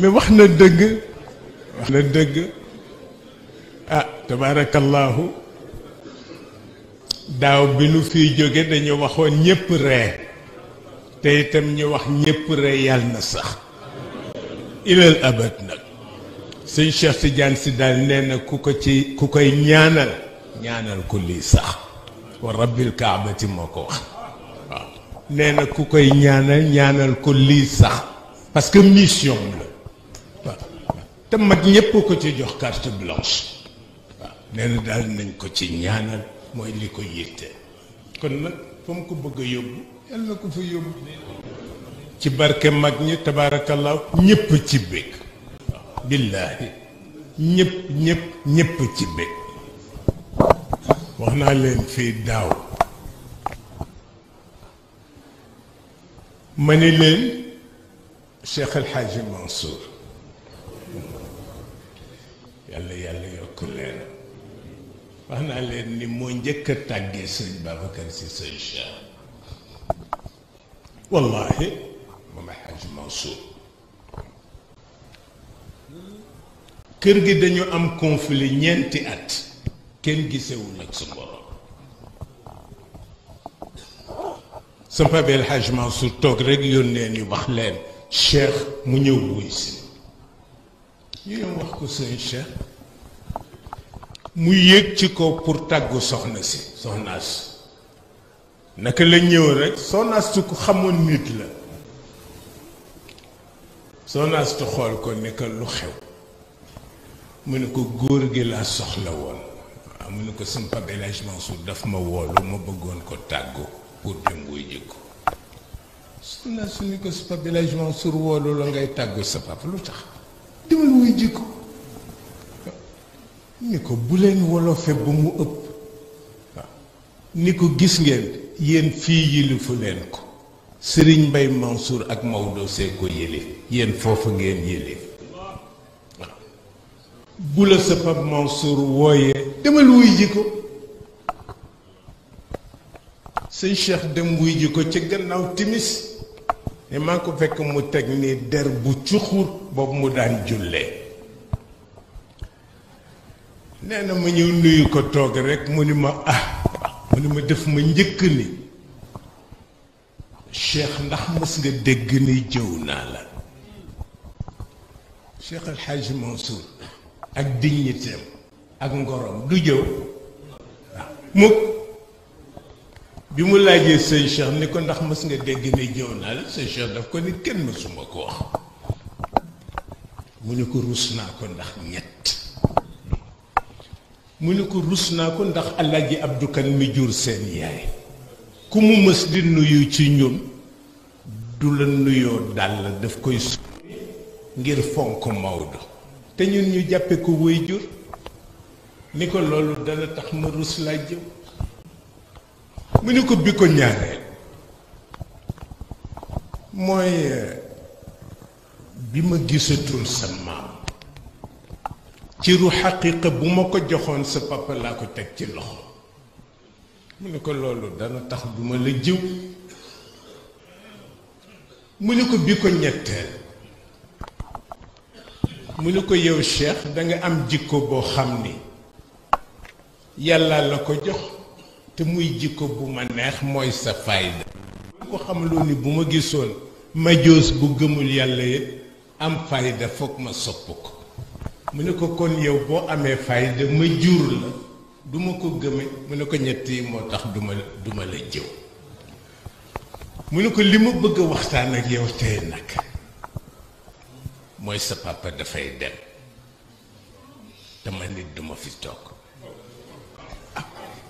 mais wax na dëgg wax na dëgg ah tabaarakallaahu daaw bi nu fiy jóge dañu waxoon ñépp ree te itam ñu wax ñépp ree yàlla na sax ilal abad nag sëñ Cheikh Tidiane si daal nee na ku ko ci ku koy ñaanal ñaanal ko lii sax wa rabbil kaabati moo ko wax waaw nee na ku koy ñaanal ñaanal ko lii sax parce que mission la te mag ñépp ko ci jox carte blanche waaw nee na daal nañ ko ci ñaanal mooy li ko yitte kon nag fa mu ko bëgg a yóbbu yàlla na ko fa yóbbu ci barke mag ñi tabaarakallah ñépp ci bég billaahi ñépp ñépp ñépp ci bég wax naa leen fii daaw ma ni leen Cheikh El Hadji Mansour yàlla yàlla yokk leen wax naa leen ni moo njëkk a tàggee sëñ Babacar si sëñ Cheikh wallahi moom Hadj Mansour kër gi dañu am conflit ñeenti at kenn gisewul nag sa borom sa pabeel Hadj Mansour toog rek yónnee ni wax leen Cheikh mu ñëw wuy si ñu wax ko sëñ Cheikh mu yéeg ci kaw pour tàggu soxna si soxnaas naka la ñëw rek soxnaas tu ko xamoon nit la soxnaas tu xool ko ne lu xew mu ne ko góor gi laa soxla woon waaw mu ne ko sama Pape El daf ma woolu ma bëggoon ko tàggu pour dem wuy jikko soxnaas su ne ko sa Pape El woolu la ngay tàggu sa papa lu tax demal wuy jikko ni ko bu leen wolofe ba mu ëpp ni ko gis ngeen yéen fii yilifu leen ko Sëriñ Mbay Mansour ak Maodo ko yëlif yéen foofu ngeen yëlif waaw bu la sa Pape wooyee demal wuy ji ko sëñ Cheikh dem wuy ji ko ca gannaaw timis te maa ko fekk mu teg ni der bu cuxur boobu mu daan jullee nee na ma ñëw nuyu ko toog rek mu ni ma ah mu ni ma def ma njëkk ni cheikh ndax mës nga dégg ni jëw naa la cheikh alxaaji Mansour ak dignitéem ak ngorom du jëw mukk bi mu laajee sëñ Cheikh ni ko ndax mës nga dégg ne jëw naa la sëñ Cheikh daf ko ni kenn mësuma ko wax mu ne ko rus naa ko ndax ñett mu ne ko rus naa ko ndax Alaaji Abdou Kan mi jur seen yaay ku mu mës di nuyu ci ñun du la nuyoo dàll daf koy sumi ngir fonk Maodo te ñun ñu jàppe ko wéy jur ni ko loolu dana tax ma rus laa jëw mu ne ko bi ko ñaareel mooy euh, bi ma gisatul sa maam ci ru xaqiqa bu ma ko joxoon sa papa laa ko teg ci loxo mu ne ko loolu dana tax duma la jiw mu ne ko bi ko ñetteel mu ne ko yow Cheikh danga am jikko boo xam ni yàlla la ko jox te muy jikko bu ma neex mooy sa fayda bu ko xamaloon ni bu ma gisoon ma joos bu gëmul yàlla yëpp am fayda foog ma sopp ko mu ne ko kon yow boo amee fayda ma jur la du ko gëme mu ne ko ñetti moo tax duma duma la jëw mu ne ko li ma bëgg a waxtaan ak yow tey nag mooy sa papa dafay dem dama nit duma fi toog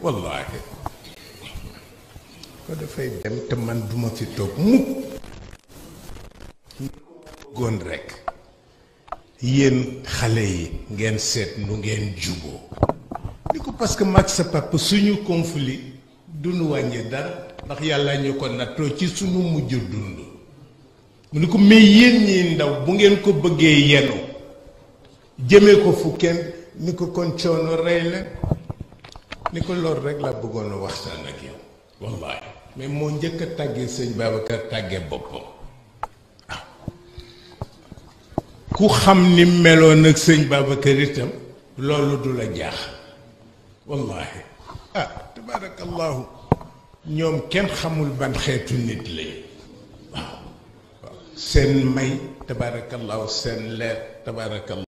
wallaahi ko dafay dem te man duma fi toog mukk goon rekk yéen xale yi ngeen seet nu ngeen juboo ni ko parce que mag sa papa suñu conflit duñu wàññi dara ndax yàlla ñu ko nattoo ci suñu mujj dund mu ni ko mais yéen ñi ndaw bu ngeen ko bëggee yenu jëmee ko fu kenn ni ko kon coono rey leen ni ko loolu rekk la bëggoon waxtaan ak yow wallaay mais moo njëkk a tàggee sëñ Babacar tàggee boppam ah. ku xam ni meloon ak sëñ Babacar itam loolu du la jaax wallahi ah tabarakallahu ñoom kenn xamul ban xeetu nit lañ ah. waaw seen may tabarakallahu seen leer tabarakallahu